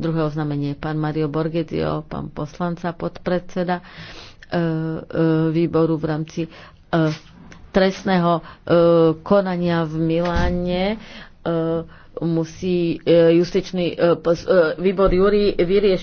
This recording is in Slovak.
Druhé oznámenie pán Mario Borgetio, pán poslanca, podpredseda e, e, výboru v rámci e, trestného konania v Miláne musí justičný výbor Júri vyriešiť